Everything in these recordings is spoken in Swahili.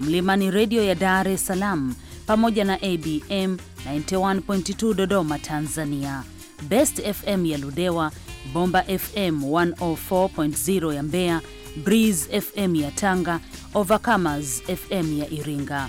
Mlimani Redio ya Dar es Salaam pamoja na ABM 91.2 Dodoma Tanzania, Best FM ya Ludewa, Bomba FM 104.0 ya Mbeya, Breeze FM ya Tanga, Overcomers FM ya Iringa,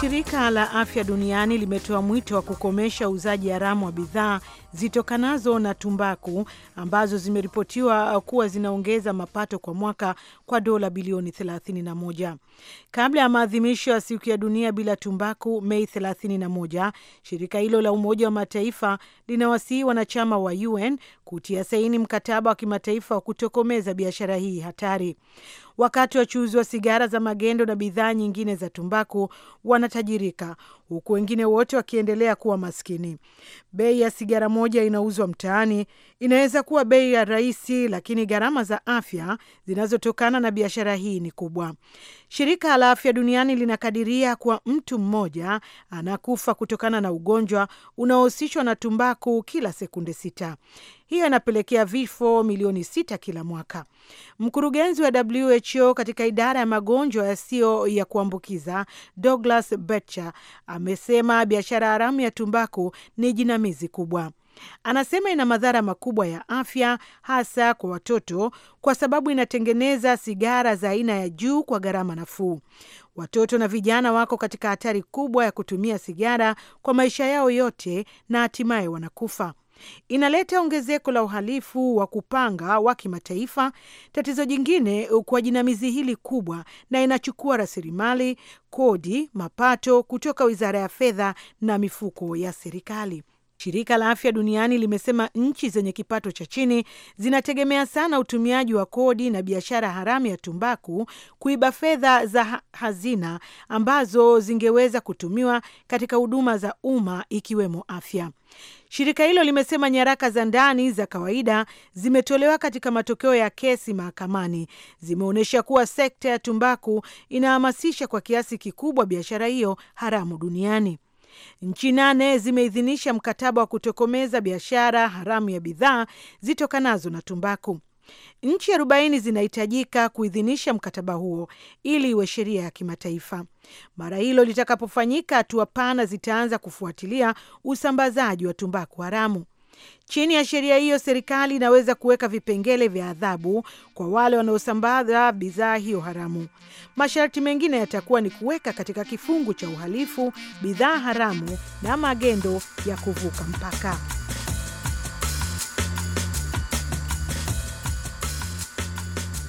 Shirika la Afya Duniani limetoa mwito wa kukomesha uuzaji haramu wa bidhaa zitokanazo na tumbaku ambazo zimeripotiwa kuwa zinaongeza mapato kwa mwaka kwa dola bilioni 31. Kabla ya maadhimisho ya siku ya dunia bila tumbaku Mei 31, shirika hilo la Umoja wa Mataifa linawasihi wanachama wa UN kutia saini mkataba wa kimataifa wa kutokomeza biashara hii hatari wakati wachuuzi wa sigara za magendo na bidhaa nyingine za tumbaku wanatajirika, huku wengine wote wakiendelea kuwa maskini. Bei ya sigara moja inauzwa mtaani inaweza kuwa bei ya rahisi, lakini gharama za afya zinazotokana na biashara hii ni kubwa. Shirika la Afya Duniani linakadiria kuwa mtu mmoja anakufa kutokana na ugonjwa unaohusishwa na tumbaku kila sekunde sita. Hiyo inapelekea vifo milioni sita kila mwaka. Mkurugenzi wa WHO katika idara ya magonjwa yasiyo ya kuambukiza Douglas Betcher amesema biashara haramu ya tumbaku ni jinamizi kubwa. Anasema ina madhara makubwa ya afya, hasa kwa watoto, kwa sababu inatengeneza sigara za aina ya juu kwa gharama nafuu. Watoto na vijana wako katika hatari kubwa ya kutumia sigara kwa maisha yao yote na hatimaye wanakufa inaleta ongezeko la uhalifu wa kupanga wa kimataifa. Tatizo jingine kwa jinamizi hili kubwa, na inachukua rasilimali, kodi, mapato kutoka wizara ya fedha na mifuko ya serikali. Shirika la Afya Duniani limesema nchi zenye kipato cha chini zinategemea sana utumiaji wa kodi na biashara haramu ya tumbaku kuiba fedha za hazina ambazo zingeweza kutumiwa katika huduma za umma ikiwemo afya. Shirika hilo limesema nyaraka za ndani za kawaida zimetolewa katika matokeo ya kesi mahakamani zimeonyesha kuwa sekta ya tumbaku inahamasisha kwa kiasi kikubwa biashara hiyo haramu duniani. Nchi nane zimeidhinisha mkataba wa kutokomeza biashara haramu ya bidhaa zitokanazo na tumbaku. Nchi arobaini zinahitajika kuidhinisha mkataba huo ili iwe sheria ya kimataifa. Mara hilo litakapofanyika, hatua pana zitaanza kufuatilia usambazaji wa tumbaku haramu. Chini ya sheria hiyo, serikali inaweza kuweka vipengele vya adhabu kwa wale wanaosambaza bidhaa hiyo haramu. Masharti mengine yatakuwa ni kuweka katika kifungu cha uhalifu bidhaa haramu na magendo ya kuvuka mpaka.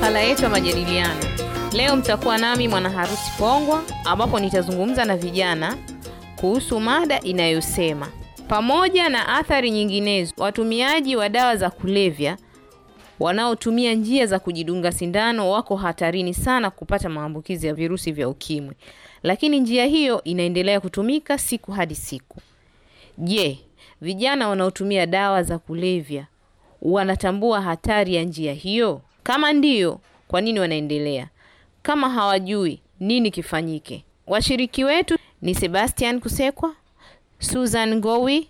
makala yetu ya majadiliano leo, mtakuwa nami Mwanaharusi Pongwa, ambapo nitazungumza na vijana kuhusu mada inayosema pamoja na athari nyinginezo, watumiaji wa dawa za kulevya wanaotumia njia za kujidunga sindano wako hatarini sana kupata maambukizi ya virusi vya ukimwi, lakini njia hiyo inaendelea kutumika siku hadi siku. Je, vijana wanaotumia dawa za kulevya wanatambua hatari ya njia hiyo? Kama ndiyo, kwa nini wanaendelea? Kama hawajui, nini kifanyike? Washiriki wetu ni Sebastian Kusekwa, Susan Ngowi,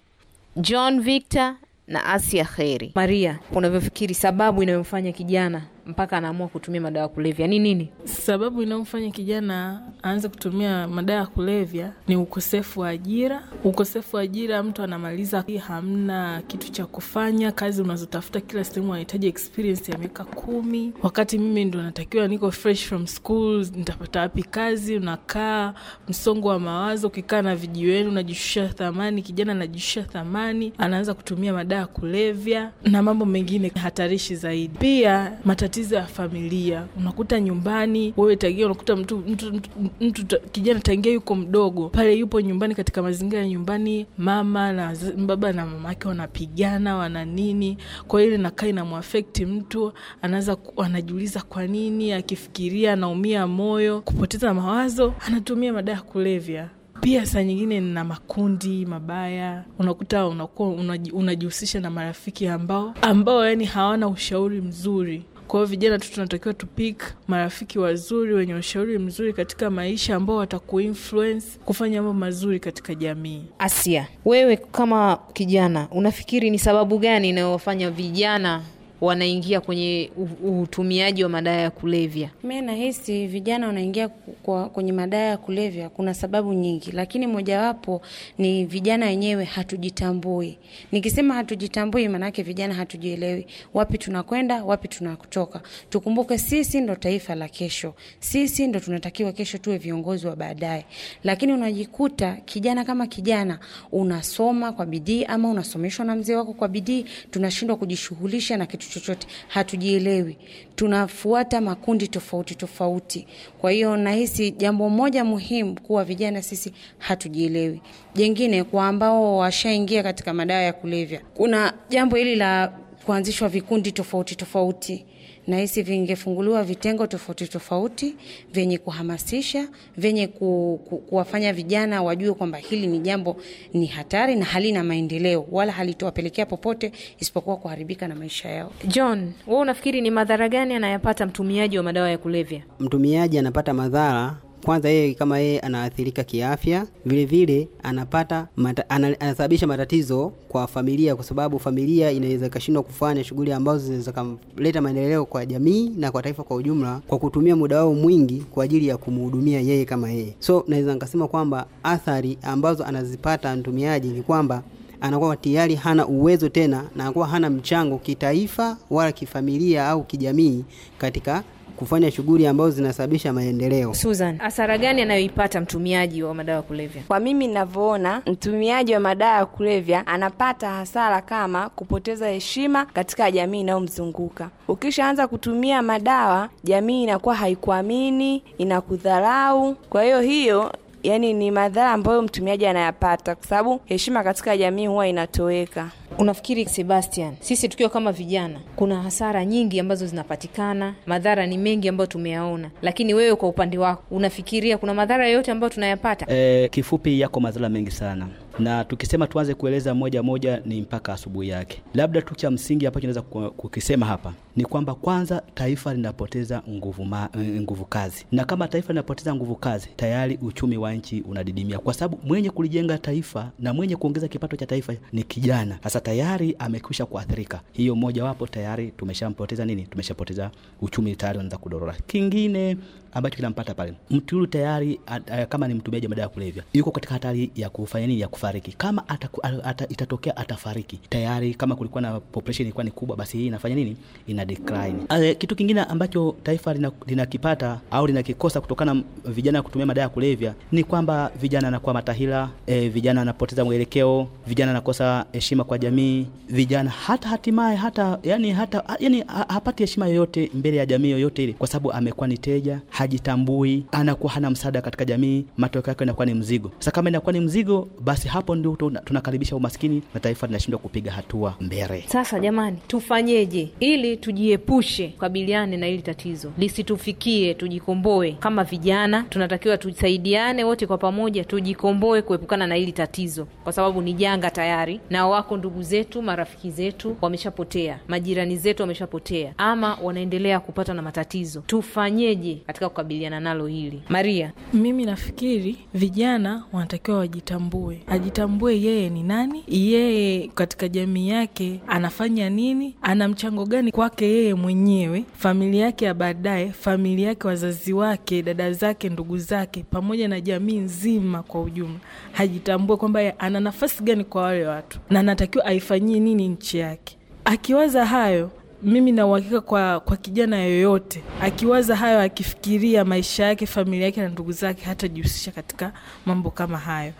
John Victor na Asia Kheri. Maria, unavyofikiri sababu inayomfanya kijana mpaka anaamua kutumia madawa ya kulevya ni nini? Sababu inayomfanya kijana aanze kutumia madawa ya kulevya ni ukosefu wa ajira. Ukosefu wa ajira, mtu anamaliza, hamna kitu cha kufanya. Kazi unazotafuta kila sehemu anahitaji experience ya miaka kumi, wakati mimi ndo natakiwa niko fresh from school. Nitapata wapi kazi? Unakaa msongo wa mawazo, ukikaa na vijiweni unajishusha thamani. Kijana anajishusha thamani, anaanza kutumia madawa ya kulevya na mambo mengine hatarishi zaidi. Pia matatizo matatizo ya familia. Unakuta nyumbani wewe tangia, unakuta mtu, mtu, mtu, mtu kijana tangia yuko mdogo pale, yupo nyumbani, katika mazingira ya nyumbani, mama na baba na mama yake wanapigana, wana nini, kwa ile nakaa inamwafekti mtu, anaanza anajiuliza kwa nini, akifikiria anaumia moyo, kupoteza mawazo, anatumia madawa ya kulevya pia saa nyingine na makundi mabaya, unakuta unakuwa unajihusisha na marafiki ambao ambao yani hawana ushauri mzuri kwa hiyo vijana tu tunatakiwa tupik marafiki wazuri wenye ushauri mzuri katika maisha ambao watakuinfluence kufanya mambo mazuri katika jamii. Asia, wewe kama kijana unafikiri ni sababu gani inayowafanya vijana wanaingia kwenye utumiaji wa madawa ya kulevya? Mi nahisi vijana wanaingia kwa kwenye madawa ya kulevya kuna sababu nyingi, lakini mojawapo ni vijana wenyewe hatujitambui. Nikisema hatujitambui, maanake vijana hatujielewi, wapi tunakwenda, wapi tunakutoka. Tukumbuke sisi ndo taifa la kesho, sisi ndo tunatakiwa kesho tuwe viongozi wa baadaye, lakini unajikuta kijana kama kijana unasoma kwa bidii ama unasomeshwa na mzee wako kwa bidii, tunashindwa kujishughulisha na kitu chochote, hatujielewi, tunafuata makundi tofauti tofauti. Kwa hiyo nahisi jambo moja muhimu kuwa vijana sisi hatujielewi. Jengine kwa ambao washaingia katika madawa ya kulevya, kuna jambo hili la kuanzishwa vikundi tofauti tofauti nahisi vingefunguliwa vitengo tofauti tofauti vyenye kuhamasisha, vyenye ku, ku, kuwafanya vijana wajue kwamba hili ni jambo ni hatari na halina maendeleo wala halitowapelekea popote isipokuwa kuharibika na maisha yao. John, wewe unafikiri ni madhara gani anayapata mtumiaji wa madawa ya kulevya? Mtumiaji anapata madhara kwanza yeye kama yeye anaathirika kiafya, vilevile anapata mata, anasababisha matatizo kwa familia, kwa sababu familia inaweza ikashindwa kufanya shughuli ambazo zinaweza kumleta maendeleo kwa jamii na kwa taifa kwa ujumla, kwa kutumia muda wao mwingi kwa ajili ya kumhudumia yeye kama yeye. So naweza nikasema kwamba athari ambazo anazipata mtumiaji ni kwamba anakuwa tayari hana uwezo tena na anakuwa hana mchango kitaifa wala kifamilia au kijamii katika kufanya shughuli ambazo zinasababisha maendeleo. Susan, hasara gani anayoipata mtumiaji wa madawa ya kulevya? Kwa mimi ninavyoona, mtumiaji wa madawa ya kulevya anapata hasara kama kupoteza heshima katika jamii inayomzunguka. Ukishaanza kutumia madawa, jamii inakuwa haikuamini, inakudharau. Kwa hiyo hiyo yani ni madhara ambayo mtumiaji anayapata, kwa sababu heshima katika jamii huwa inatoweka. Unafikiri Sebastian, sisi tukiwa kama vijana, kuna hasara nyingi ambazo zinapatikana, madhara ni mengi ambayo tumeyaona, lakini wewe kwa upande wako unafikiria kuna madhara yoyote ambayo tunayapata? E, kifupi, yako madhara mengi sana na tukisema tuanze kueleza moja moja ni mpaka asubuhi yake. Labda tu cha msingi ambacho naweza kukisema hapa ni kwamba kwanza, taifa linapoteza nguvu, ma, eh, nguvu kazi, na kama taifa linapoteza nguvu kazi tayari uchumi wa nchi unadidimia, kwa sababu mwenye kulijenga taifa na mwenye kuongeza kipato cha taifa ni kijana. Sasa tayari amekwisha kuathirika, hiyo mojawapo tayari tumeshampoteza nini, tumeshapoteza uchumi, tayari unaanza kudorora. Kingine ambacho kinampata pale mtu yule tayari a, a, eh, kama ni mtumiaji madawa ya kulevya yuko katika hatari ya kufanya nini, ya kufariki. Kama ataku, a, ata, itatokea atafariki tayari, kama kulikuwa na population ilikuwa ni kubwa, basi hii inafanya nini, ina decline. A, kitu kingine ambacho taifa linakipata lina au linakikosa kutokana na vijana kutumia madawa ya kulevya ni kwamba vijana anakuwa matahila e, eh, vijana anapoteza mwelekeo, vijana anakosa heshima kwa jamii, vijana hata hatimaye hata yani, hata yani, hapati heshima yoyote mbele ya jamii yoyote ile, kwa sababu amekuwa ni teja hajitambui, anakuwa hana msaada katika jamii, matokeo yake inakuwa ni mzigo. Sasa kama inakuwa ni mzigo, basi hapo ndio tunakaribisha umaskini na taifa linashindwa kupiga hatua mbele. Sasa jamani, tufanyeje ili tujiepushe kukabiliane na hili tatizo lisitufikie? Tujikomboe kama vijana, tunatakiwa tusaidiane wote kwa pamoja, tujikomboe kuepukana na hili tatizo, kwa sababu ni janga tayari, na wako ndugu zetu, marafiki zetu wameshapotea, majirani zetu wameshapotea, ama wanaendelea kupata na matatizo. Tufanyeje katika kukabiliana nalo hili. Maria, mimi nafikiri vijana wanatakiwa wajitambue, ajitambue yeye ni nani, yeye katika jamii yake anafanya nini, ana mchango gani kwake yeye mwenyewe, familia yake ya baadaye, familia yake, wazazi wake, dada zake, ndugu zake, pamoja na jamii nzima kwa ujumla. Hajitambue kwamba ana nafasi gani kwa wale watu na anatakiwa aifanyie nini nchi yake. Akiwaza hayo mimi na uhakika kwa, kwa kijana yoyote akiwaza hayo, akifikiria maisha yake, familia yake na ndugu zake, hatajihusisha katika mambo kama hayo.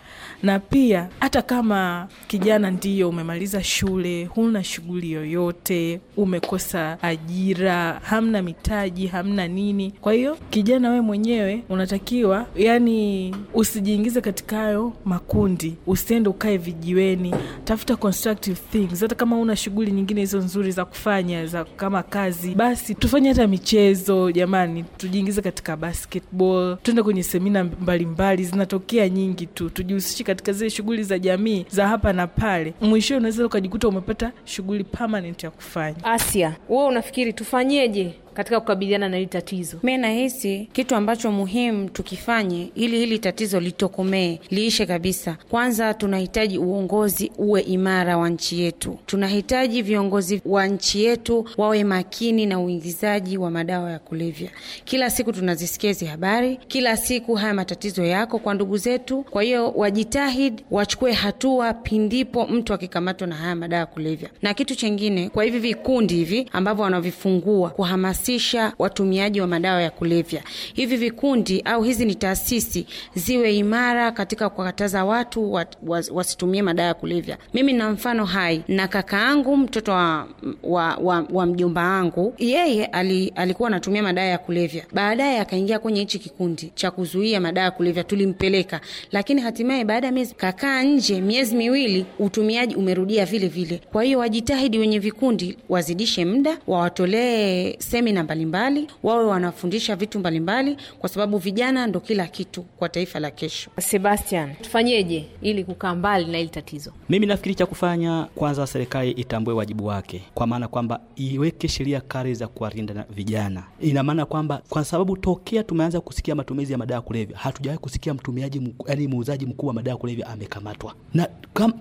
Na pia hata kama kijana ndiyo umemaliza shule, huna shughuli yoyote, umekosa ajira, hamna mitaji, hamna nini, kwa hiyo kijana we mwenyewe unatakiwa yani, usijiingize katika hayo makundi, usiende ukae vijiweni, tafuta constructive things, hata kama una shughuli nyingine hizo nzuri za kufanya za kama kazi, basi tufanye hata michezo jamani, tujiingize katika basketball, tuende kwenye semina mbalimbali, zinatokea nyingi tu, tujihusishe katika zile shughuli za jamii za hapa na pale. Mwishowe unaweza ukajikuta umepata shughuli permanent ya kufanya. Asia, wewe unafikiri tufanyeje? katika kukabiliana na hili tatizo. Mi nahisi kitu ambacho muhimu tukifanye ili hili tatizo litokomee, liishe kabisa. Kwanza tunahitaji uongozi uwe imara wa nchi yetu. Tunahitaji viongozi wa nchi yetu wawe makini na uingizaji wa madawa ya kulevya. Kila siku tunazisikia hizi habari, kila siku haya matatizo yako kwa ndugu zetu. Kwa hiyo wajitahid wachukue hatua pindipo mtu akikamatwa na haya madawa ya kulevya. Na kitu chengine, kwa hivi vikundi hivi ambavyo wanavifungua kuhamasisha kuhamasisha watumiaji wa madawa ya kulevya. Hivi vikundi au hizi ni taasisi ziwe imara katika kuwakataza watu wat, wasitumie madawa ya kulevya. Mimi na mfano hai na kaka kakaangu mtoto wa, wa, wa, wa mjomba wangu, yeye ali, alikuwa anatumia madawa ya kulevya, baadaye akaingia kwenye hichi kikundi cha kuzuia madawa ya kulevya. Tulimpeleka, lakini hatimaye baada ya miezi kakaa nje miezi miwili, utumiaji umerudia vile vile. Kwa hiyo wajitahidi wenye vikundi wazidishe muda, wawatolee semi semina mbalimbali, wawe wanafundisha vitu mbalimbali, kwa sababu vijana ndo kila kitu kwa taifa la kesho. Sebastian, tufanyeje ili kukaa mbali na hili tatizo? Mimi nafikiri cha kufanya kwanza, serikali itambue wajibu wake, kwa maana kwamba iweke sheria kali za kuwalinda vijana. Ina maana kwamba kwa sababu tokea tumeanza kusikia matumizi ya madawa kulevya hatujawai kusikia mtumiaji, yani muuzaji mkuu wa madawa kulevya amekamatwa, na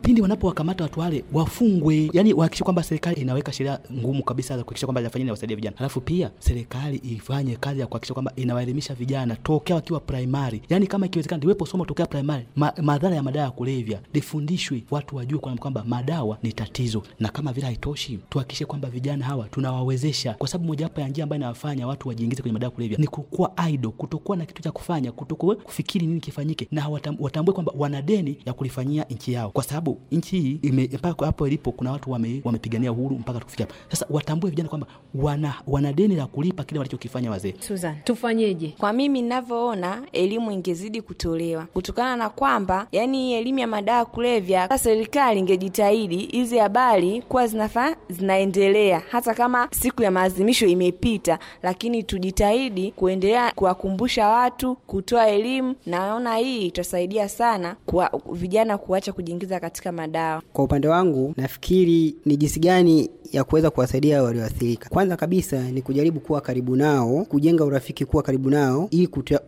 pindi wanapowakamata watu wale wafungwe, yani wahakikishe kwamba serikali inaweka sheria ngumu kabisa za kuhakikisha kwamba zinafanyia na wasaidia vijana, alafu pia pia serikali ifanye kazi ya kuhakikisha kwamba inawaelimisha vijana tokea wakiwa primary, yani kama ikiwezekana liwepo somo tokea primary ma, madhara ya madawa ya kulevya lifundishwe, watu wajue kwamba madawa ni tatizo, na kama vile haitoshi, tuhakikishe kwamba vijana hawa tunawawezesha, kwa sababu mojawapo ya njia ambayo inawafanya watu wajiingize kwenye madawa ya kulevya ni kukuwa idle, kutokuwa na kitu cha kufanya, kutokuwa kufikiri nini kifanyike, na watambue kwamba wana deni ya kulifanyia nchi yao, kwa sababu nchi hii mpaka hapo ilipo kuna watu wamepigania wame, uhuru mpaka tukufikia hapa. Sasa watambue vijana kwamba wana, wana deni deni la kulipa kile walichokifanya wazee. Susan, tufanyeje? Kwa mimi ninavyoona, elimu ingezidi kutolewa kutokana na kwamba yani elimu ya madawa kulevya, serikali ingejitahidi hizi habari kuwa zinafaa zinaendelea, hata kama siku ya maadhimisho imepita, lakini tujitahidi kuendelea kuwakumbusha watu, kutoa elimu. Naona hii itasaidia sana kwa vijana kuacha kujiingiza katika madawa. Kwa upande wangu, nafikiri ni jinsi gani ya kuweza kuwasaidia walioathirika. Kwanza kabisa ni kuja kujaribu kuwa karibu nao, kujenga urafiki, kuwa karibu nao ili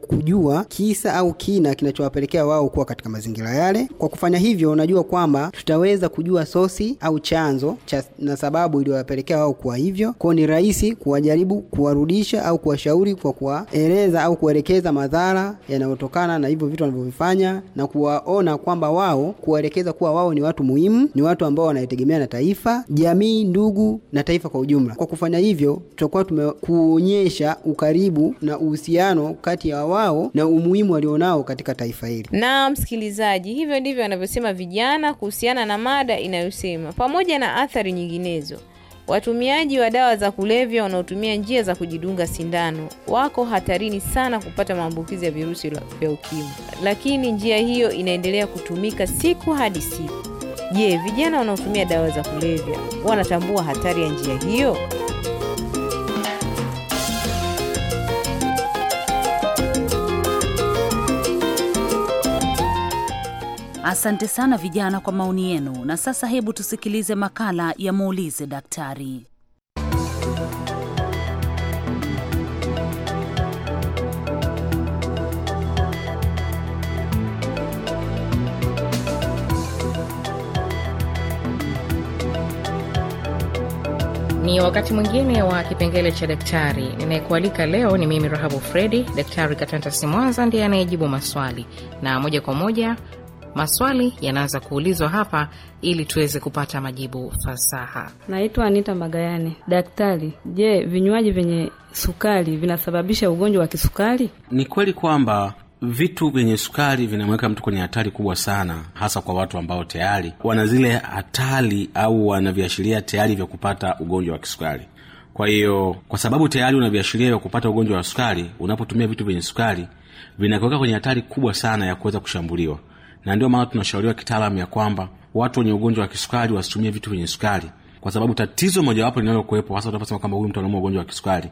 kujua kisa au kina kinachowapelekea wao kuwa katika mazingira yale. Kwa kufanya hivyo, unajua kwamba tutaweza kujua sosi au chanzo cha na sababu iliyowapelekea wao kuwa hivyo. Kwao ni rahisi kuwajaribu kuwarudisha au kuwashauri kwa kuwaeleza au kuelekeza madhara yanayotokana na hivyo vitu wanavyovifanya na kuwaona kwamba wao, kuwaelekeza kuwa wao ni watu muhimu, ni watu ambao wanaitegemea na taifa, jamii, ndugu na taifa kwa ujumla. Kwa kufanya hivyo tutakuwa tume kuonyesha ukaribu na uhusiano kati ya wao na umuhimu walionao katika taifa hili. Na msikilizaji, hivyo ndivyo wanavyosema vijana kuhusiana na mada inayosema pamoja na athari nyinginezo Watumiaji wa dawa za kulevya wanaotumia njia za kujidunga sindano wako hatarini sana kupata maambukizi ya virusi vya UKIMWI, lakini njia hiyo inaendelea kutumika siku hadi siku. Je, vijana wanaotumia dawa za kulevya wanatambua hatari ya njia hiyo? Asante sana vijana kwa maoni yenu, na sasa hebu tusikilize makala ya muulize daktari. Ni wakati mwingine wa kipengele cha daktari. Ninayekualika leo ni mimi Rahabu Fredi. Daktari Katantasi Mwanza ndiye anayejibu maswali, na moja kwa moja Maswali yanaanza kuulizwa hapa ili tuweze kupata majibu fasaha. Naitwa Anita magayani Daktari, je, vinywaji vyenye sukari vinasababisha ugonjwa wa kisukari? Ni kweli kwamba vitu vyenye sukari vinamweka mtu kwenye hatari kubwa sana, hasa kwa watu ambao tayari wana zile hatari au wanaviashiria tayari vya kupata ugonjwa wa kisukari. Kwa hiyo kwa sababu tayari una viashiria vya kupata ugonjwa wa sukari, unapotumia vitu vyenye sukari vinakuweka kwenye hatari kubwa sana ya kuweza kushambuliwa na ndio maana tunashauriwa kitaalamu ya kwamba watu wenye ugonjwa wa kisukari wasitumie vitu vyenye sukari kwa sababu tatizo mojawapo linalokuwepo hasa tunaposema kwamba huyu mtu anaumwa ugonjwa wa kisukari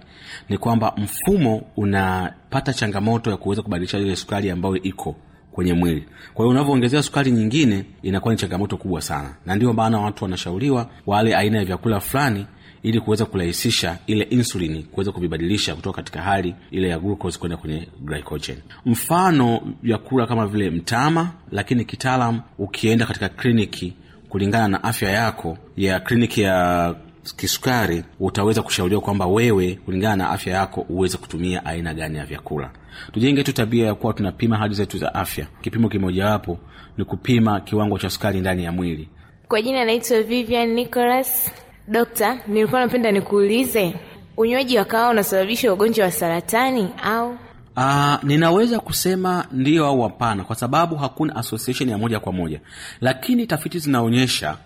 ni kwamba mfumo unapata changamoto ya kuweza kubadilisha ile sukari ambayo iko kwenye mwili. Kwa hiyo unavyoongezea sukari nyingine inakuwa ni changamoto kubwa sana, na ndio maana watu wanashauriwa wale aina ya vyakula fulani ili kuweza kurahisisha ile insulini kuweza kuvibadilisha kutoka katika hali ile ya glucose kwenda kwenye glycogen. Mfano vyakula kama vile mtama, lakini kitaalam ukienda katika kliniki kulingana na afya yako ya kliniki ya kisukari utaweza kushauriwa kwamba wewe kulingana na afya yako uweze kutumia aina gani ya vyakula. Tujenge tu tabia ya kuwa tunapima hali zetu za afya. Kipimo kimojawapo ni kupima kiwango cha sukari ndani ya mwili. Kwa jina naitwa Vivian Nicholas. Dokta, nilikuwa napenda nikuulize unywaji wa kahawa unasababisha ugonjwa wa saratani au? Uh, ninaweza kusema ndio au hapana, kwa sababu hakuna association ya moja kwa moja, lakini tafiti zinaonyesha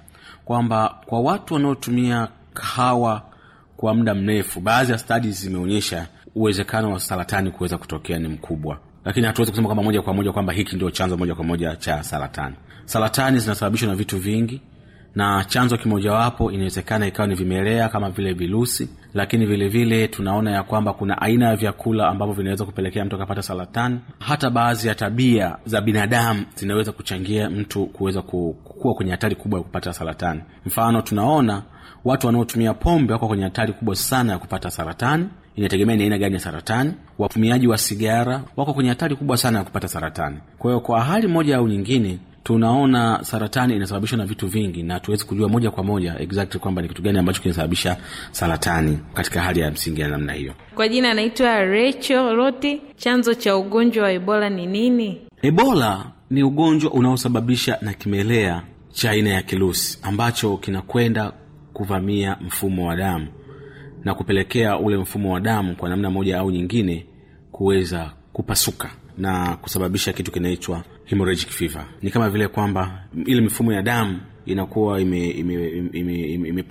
kwamba kwa watu wanaotumia kahawa kwa muda mrefu, baadhi ya studies zimeonyesha uwezekano wa saratani kuweza kutokea ni mkubwa, lakini hatuwezi kusema kwamba moja kwa moja kwamba hiki ndio chanzo moja kwa moja cha saratani. Saratani zinasababishwa na vitu vingi na chanzo kimojawapo inawezekana ikawa ni vimelea kama vile virusi, lakini vilevile vile tunaona ya kwamba kuna aina ya vyakula ambavyo vinaweza kupelekea mtu akapata saratani. Hata baadhi ya tabia za binadamu zinaweza kuchangia mtu kuweza kuwa kwenye hatari kubwa ya kupata saratani. Mfano, tunaona watu wanaotumia pombe wako kwenye hatari kubwa sana ya kupata saratani. Inategemea ni aina gani ya saratani. Watumiaji wa sigara wako kwenye hatari kubwa sana ya kupata saratani. Kwa hiyo, kwa hali moja au nyingine tunaona saratani inasababishwa na vitu vingi, na tuwezi kujua moja kwa moja exactly kwamba ni kitu gani ambacho kinasababisha saratani katika hali ya msingi ya namna hiyo. Kwa jina anaitwa Rachel roti Chanzo cha ugonjwa wa Ebola ni nini? Ebola ni ugonjwa unaosababisha na kimelea cha aina ya kirusi ambacho kinakwenda kuvamia mfumo wa damu na kupelekea ule mfumo wa damu kwa namna moja au nyingine kuweza kupasuka na kusababisha kitu kinaitwa hemorrhagic fever. Ni kama vile kwamba ile mifumo ya damu inakuwa imepasuka ime, ime, ime,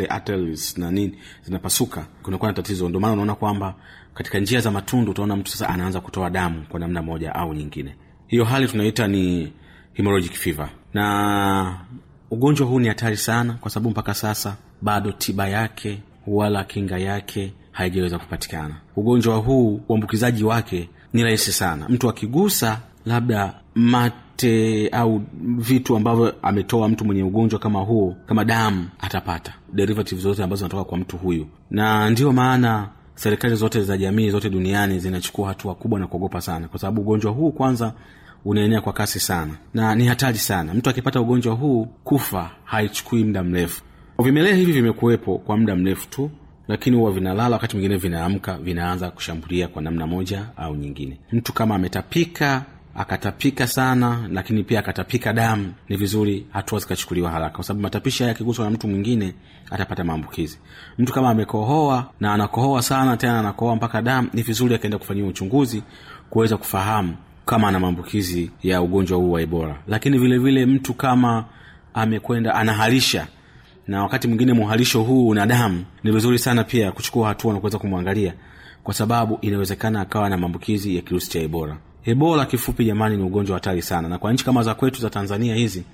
ime zile na nini zinapasuka, kunakuwa na tatizo. Ndio maana unaona kwamba katika njia za matundu utaona mtu sasa anaanza kutoa damu kwa namna moja au nyingine. Hiyo hali tunaita ni hemorrhagic fever, na ugonjwa huu ni hatari sana, kwa sababu mpaka sasa bado tiba yake wala kinga yake haijaweza kupatikana. Ugonjwa huu uambukizaji wake ni rahisi sana mtu akigusa labda mate au vitu ambavyo ametoa mtu mwenye ugonjwa kama huo kama damu atapata derivatives zote ambazo zinatoka kwa mtu huyu na ndiyo maana serikali zote za jamii zote duniani zinachukua hatua kubwa na kuogopa sana kwa sababu ugonjwa huu kwanza unaenea kwa kasi sana na ni hatari sana mtu akipata ugonjwa huu kufa haichukui muda mrefu vimelea hivi vimekuwepo kwa muda mrefu tu lakini huwa vinalala, wakati mwingine vinaamka, vinaanza kushambulia kwa namna moja au nyingine. Mtu kama ametapika akatapika sana, lakini pia akatapika damu, ni vizuri hatua zikachukuliwa haraka, kwa sababu matapishi haya yakiguswa na mtu mwingine atapata maambukizi. Mtu kama amekohoa na anakohoa sana, tena anakohoa mpaka damu, ni vizuri akaenda kufanyiwa uchunguzi kuweza kufahamu kama ana maambukizi ya ugonjwa huu wa Ebola. Lakini vilevile vile mtu kama amekwenda anaharisha na wakati mwingine muhalisho huu una damu ni vizuri sana pia kuchukua hatua na kuweza kumwangalia kwa sababu inawezekana akawa na maambukizi ya kirusi cha ebola ebola kifupi jamani ni ugonjwa hatari sana na kwa nchi kama za kwetu za tanzania hizi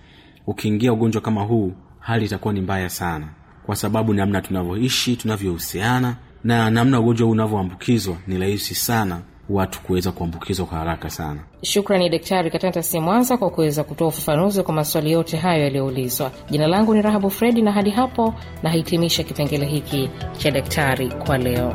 ukiingia ugonjwa kama huu hali itakuwa ni mbaya sana kwa sababu namna tunavyoishi tunavyohusiana na namna ugonjwa huu unavyoambukizwa ni rahisi sana watu kuweza kuambukizwa kwa haraka sana. Shukrani Daktari Katanta Si Mwanza kwa kuweza kutoa ufafanuzi kwa maswali yote hayo yaliyoulizwa. Jina langu ni Rahabu Fredi, na hadi hapo nahitimisha kipengele hiki cha daktari kwa leo.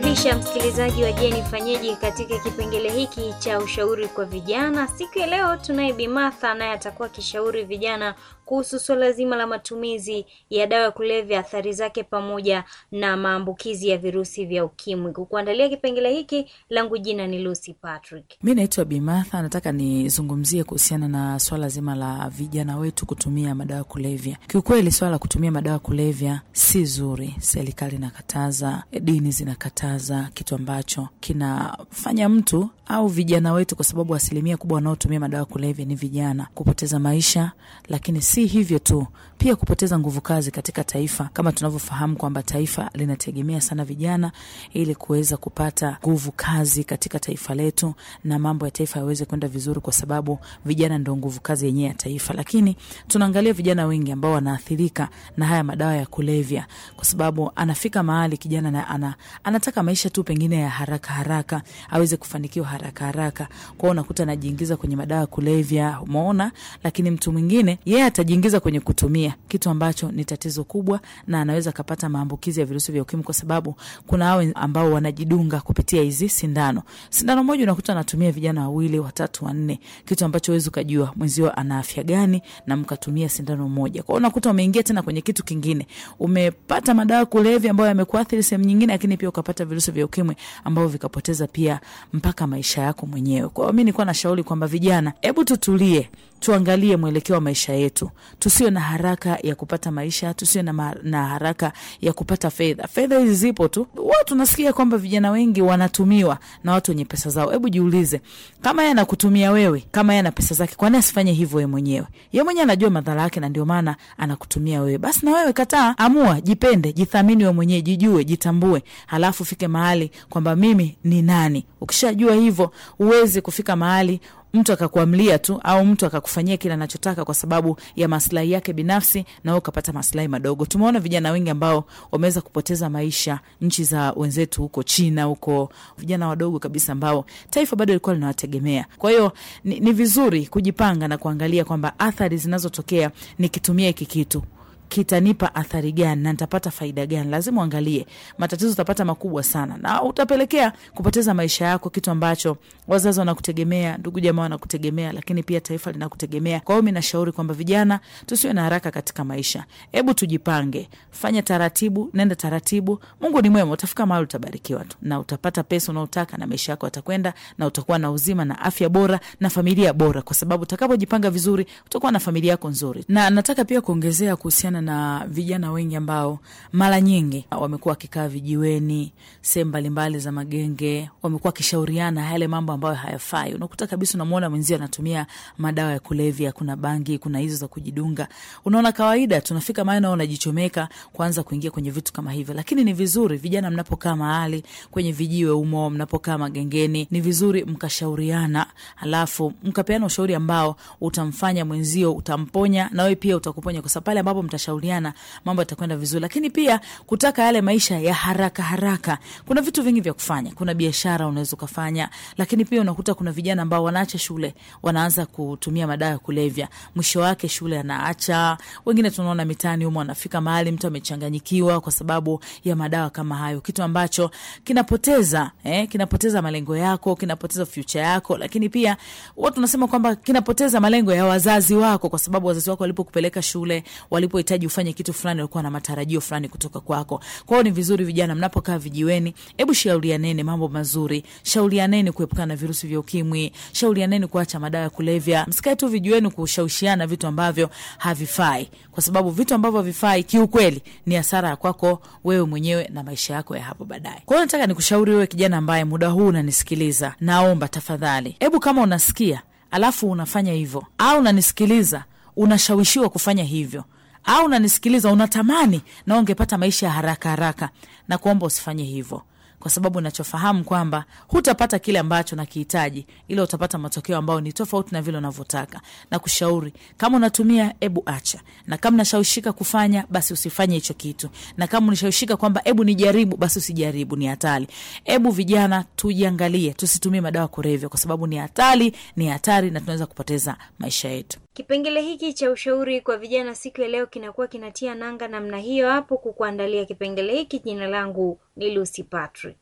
kukaribisha msikilizaji wa jeni fanyeji katika kipengele hiki cha ushauri kwa vijana. Siku ya leo tunaye Bi Martha naye atakuwa akishauri vijana kuhusu suala zima la matumizi ya dawa ya kulevya, athari zake, pamoja na maambukizi ya virusi vya ukimwi. Kukuandalia kipengele hiki, langu jina ni Lucy Patrick. Mi naitwa Bimatha. Nataka nizungumzie kuhusiana na swala zima la vijana wetu kutumia madawa kulevya. Kiukweli, swala la kutumia madawa kulevya si zuri. Serikali inakataza, dini zinakataza, kitu ambacho kinafanya mtu au vijana wetu, kwa sababu asilimia kubwa wanaotumia madawa kulevya ni vijana, kupoteza maisha, lakini si si hivyo tu, pia kupoteza nguvu kazi katika taifa. Kama tunavyofahamu kwamba taifa linategemea sana vijana ili kuweza kupata nguvu kazi katika taifa letu na mambo ya taifa yaweze kwenda vizuri, kwa sababu vijana ndio nguvu kazi yenyewe ya taifa. Lakini tunaangalia vijana wengi ambao wanaathirika na haya madawa ya kulevya, kwa sababu anafika mahali kijana na ana, anataka maisha tu pengine ya haraka haraka, aweze kufanikiwa haraka haraka. Kwa hiyo unakuta anajiingiza kwenye madawa ya kulevya, umeona. Lakini mtu mwingine yeye atajiingiza kwenye kutumia kutumia kitu ambacho ni tatizo kubwa, na anaweza akapata maambukizi ya virusi vya ukimwi, kwa sababu kuna hao ambao wanajidunga kupitia hizi sindano. Sindano moja unakuta anatumia vijana wawili, watatu, wanne, kitu ambacho huwezi ukajua mwenzio ana afya gani, na mkatumia sindano moja. kwao, unakuta umeingia tena kwenye kitu kingine, umepata madawa kulevi ambayo yamekuathiri sehemu nyingine, lakini pia ukapata virusi vya ukimwi ambavyo vikapoteza pia mpaka maisha yako mwenyewe. Kwa hiyo mi nilikuwa nashauri kwamba vijana, hebu tutulie, tuangalie mwelekeo wa maisha yetu, tusiwe na haraka haraka ya kupata maisha, tusiwe na, na haraka ya kupata fedha. Fedha hizi zipo tu. Huwa tunasikia kwamba vijana wengi wanatumiwa na watu wenye pesa zao. Hebu jiulize, kama yeye anakutumia wewe, kama yeye ana pesa zake, kwani asifanye hivyo yeye mwenyewe? Yeye mwenyewe anajua madhara yake, na ndio maana anakutumia wewe. Basi na wewe kataa, amua, jipende, jithamini wewe mwenyewe, jijue, jitambue, halafu fike mahali kwamba mimi ni nani. Ukishajua hivyo, huwezi kufika mahali mtu akakuamlia tu au mtu akakufanyia kile anachotaka kwa sababu ya maslahi yake binafsi, na wewe ukapata maslahi madogo. Tumeona vijana wengi ambao wameweza kupoteza maisha nchi za wenzetu huko China, huko vijana wadogo kabisa ambao taifa bado lilikuwa linawategemea. Kwa hiyo ni, ni vizuri kujipanga na kuangalia kwamba athari zinazotokea nikitumia hiki kitu kitanipa athari gani na nitapata faida gani. Lazima uangalie, matatizo utapata makubwa sana, na utapelekea kupoteza maisha yako, kitu ambacho wazazi wanakutegemea, ndugu jamaa wanakutegemea, lakini pia taifa linakutegemea. Kwa hiyo mi nashauri kwamba vijana tusiwe na haraka katika maisha, hebu tujipange, fanya taratibu, nenda taratibu. Mungu ni mwema, utafika mahali utabarikiwa tu na utapata pesa unaotaka na maisha yako yatakwenda, na utakuwa na uzima na afya bora na familia bora, kwa sababu utakapojipanga vizuri utakuwa na familia yako nzuri. Na nataka pia kuongezea kuhusiana tunakutana na vijana wengi ambao mara nyingi wamekuwa wakikaa vijiweni, sehemu mbalimbali za magenge, wamekuwa wakishauriana yale mambo ambayo hayafai. Unakuta kabisa, unamwona mwenzio anatumia madawa ya kulevya, kuna bangi, kuna hizo za kujidunga. Unaona kawaida, tunafika maana unajichomeka kuanza kuingia kwenye vitu kama hivyo. Lakini ni vizuri vijana, mnapokaa mahali kwenye vijiwe humo, mnapokaa magengeni, ni vizuri mkashauriana, alafu mkapeana ushauri ambao utamfanya mwenzio, utamponya na wewe pia utakuponya, kwa sababu pale ambapo mtasha mtashauriana, mambo yatakwenda vizuri. Lakini pia kutaka yale maisha ya haraka haraka, kuna vitu vingi vya kufanya. Kuna biashara unaweza ukafanya, lakini pia unakuta kuna vijana ambao wanaacha shule, wanaanza kutumia madawa ya kulevya, mwisho wake shule anaacha. Wengine tunaona mitaani humo, anafika mahali mtu amechanganyikiwa kwa sababu ya madawa kama hayo, kitu ambacho kinapoteza eh, kinapoteza malengo yako, kinapoteza future yako, lakini pia watu nasema kwamba kinapoteza malengo ya wazazi wako, kwa sababu wazazi wako walipokupeleka shule, walipohitaji unahitaji ufanye kitu fulani, ulikuwa na matarajio fulani kutoka kwako. Kwa hiyo ni vizuri vijana, mnapokaa vijiweni, hebu shaurianeni mambo mazuri, shaurianeni kuepukana na virusi vya ukimwi, shaurianeni kuacha madawa ya kulevya. Msikae tu vijiweni kushaushiana vitu ambavyo havifai, kwa sababu vitu ambavyo havifai kiukweli ni hasara ya kwako wewe mwenyewe na maisha yako ya hapo baadaye. Kwa hiyo nataka nikushauri wewe kijana ambaye muda huu unanisikiliza, naomba tafadhali, hebu kama unasikia alafu unafanya hivyo au unanisikiliza unashawishiwa kufanya hivyo au nanisikiliza unatamani na ungepata maisha ya haraka haraka, na kuomba usifanye hivyo, kwa sababu nachofahamu kwamba hutapata kile ambacho nakihitaji, ila utapata matokeo ambayo ni tofauti na vile unavyotaka. Na kushauri kama unatumia, ebu acha, na kama nashawishika kufanya, basi usifanye hicho kitu, na kama unashawishika kwamba ebu nijaribu, basi usijaribu, ni hatari. Ebu vijana tujiangalie, tusitumie madawa kurevya, kwa sababu ni hatari, ni hatari na tunaweza kupoteza maisha yetu. Kipengele hiki cha ushauri kwa vijana siku ya leo kinakuwa kinatia nanga namna hiyo hapo. Kukuandalia kipengele hiki, jina langu ni Lucy Patrick.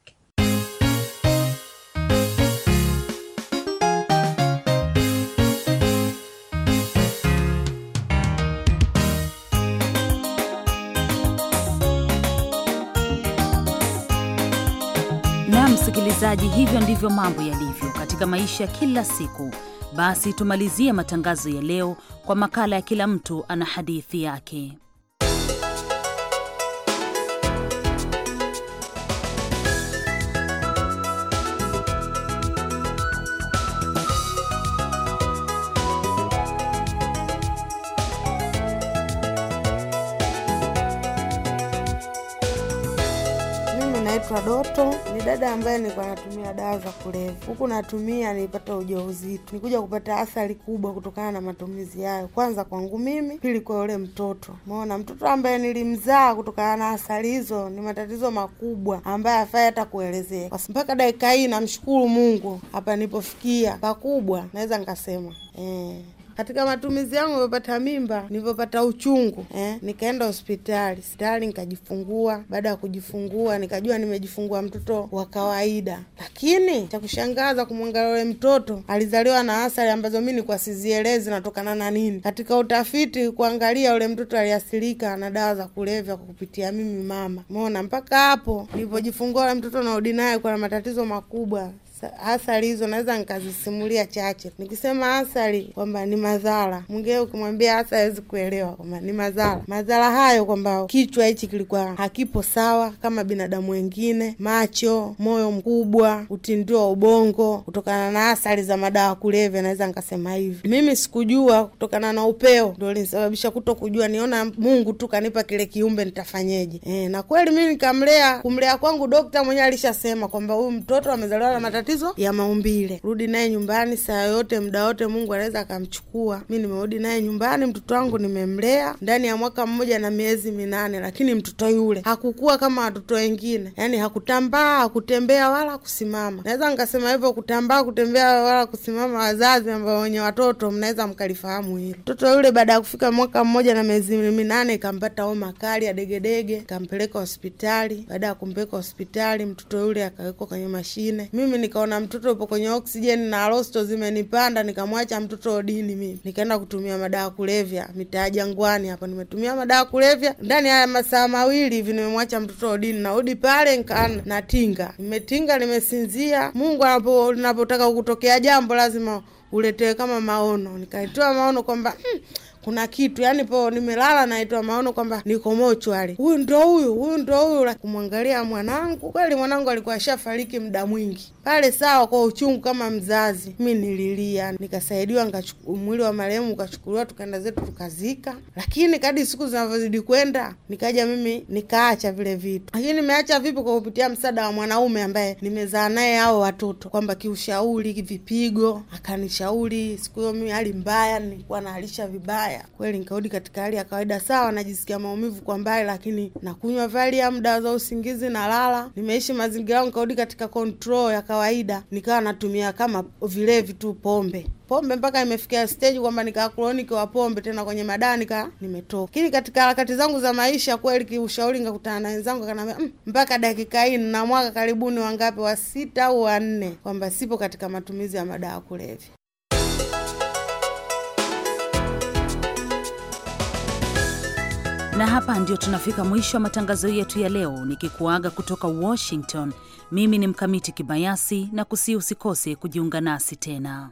Na msikilizaji, hivyo ndivyo mambo yalivyo katika maisha kila siku. Basi tumalizie matangazo ya leo kwa makala ya kila mtu ana hadithi yake. naitwa Doto, ni dada ambaye nilikuwa natumia dawa za kulevya. Huku natumia nilipata ujauzito, nikuja kupata athari kubwa kutokana na matumizi hayo, kwanza kwangu mimi, pili kwa yule mtoto. Umeona, mtoto ambaye nilimzaa kutokana na athari hizo, ni matatizo makubwa ambaye afai hata kuelezea. Mpaka dakika hii namshukuru Mungu hapa nipofikia pakubwa, naweza nikasema eh. Katika matumizi yangu nilipopata mimba, nilipopata uchungu eh, nikaenda hospitali hospitali nikajifungua. Baada ya kujifungua, nikajua nimejifungua mtoto wa kawaida, lakini cha kushangaza kumwangalia yule mtoto alizaliwa na athari ambazo mi nikwa sizielezi natokana na nini. Katika utafiti kuangalia, yule mtoto aliathirika na dawa za kulevya kwa kupitia mimi mama. mona mpaka hapo nilipojifungua yule mtoto naudinaye kuna matatizo makubwa athari hizo naweza nikazisimulia chache, nikisema athari kwamba ni madhara. Mwingine ukimwambia athari hawezi kuelewa kwamba ni madhara. Madhara hayo kwamba kichwa hichi kilikuwa hakipo sawa kama binadamu wengine, macho, moyo mkubwa, utindio wa ubongo kutokana na athari za madawa kulevya, naweza nikasema hivi. Mimi sikujua kutokana na upeo, ndo lisababisha kuto kujua. Niona Mungu tu kanipa kile kiumbe, nitafanyeje? E, na kweli mimi nikamlea. Kumlea kwangu dokta mwenyewe alishasema kwamba huyu mtoto amezaliwa na matatizo matatizo ya maumbile. Rudi naye nyumbani saa yoyote, muda wote, Mungu anaweza akamchukua. Mi nimerudi naye nyumbani, mtoto wangu nimemlea ndani ya mwaka mmoja na miezi minane, lakini mtoto yule hakukuwa kama watoto wengine, yaani hakutambaa, hakutembea wala kusimama. Naweza nikasema hivyo, kutambaa, kutembea wala kusimama, wazazi ambao wenye watoto mnaweza mkalifahamu hilo. Mtoto yule baada ya kufika mwaka mmoja na miezi minane ikampata homa kali ya degedege, ikampeleka hospitali. Baada ya kumpeleka hospitali, mtoto yule akawekwa kwenye mashine, mimi nika nikaona mtoto upo kwenye oksijeni na rosto zimenipanda, nikamwacha mtoto odini. Mimi nikaenda kutumia madawa kulevya mitaa Jangwani hapa, nimetumia madawa kulevya ndani ya masaa mawili hivi, nimemwacha mtoto odini. Narudi pale nkaa natinga, nimetinga, nimesinzia. Mungu anapo napotaka kukutokea jambo lazima uletewe kama maono. Nikaitoa maono kwamba hmm, kuna kitu yani, po nimelala naitoa maono kwamba niko mochwali, huyu ndo huyu, huyu ndo huyu. Kumwangalia mwanangu, kweli mwanangu alikuwa ashafariki muda mwingi pale, sawa. Kwa uchungu kama mzazi, mi nililia, nikasaidiwa, mwili wa marehemu ukachukuliwa, tukaenda zetu tukazika. Lakini kadi siku zinavyozidi kwenda, nikaja mimi nikaacha vile vitu. Lakini nimeacha vipi? Kwa kupitia msaada wa mwanaume ambaye nimezaa naye hao watoto, kwamba kiushauri, vipigo, akanishauri. Siku hiyo mimi hali mbaya, nilikuwa naalisha vibaya kweli, nikarudi katika hali ya kawaida. Sawa, najisikia maumivu kwa mbali, lakini nakunywa valium, dawa za usingizi, nalala. Nimeishi mazingira yangu, nikarudi katika control ya kawaida kawaida, nikawa natumia kama vilevi tu pombe pombe mpaka imefikia stage kwamba nikaa kroniki wa pombe tena kwenye madaa nika nimetoka. Lakini katika harakati zangu za maisha kweli, kiushauri nikakutana na wenzangu akaniambia mm, mpaka dakika hii na mwaka karibuni wangapi wa sita au wa nne, kwamba sipo katika matumizi ya madawa kulevya. Na hapa ndio tunafika mwisho wa matangazo yetu ya leo, nikikuaga kutoka Washington. Mimi ni Mkamiti Kibayasi na kusii usikose kujiunga nasi tena.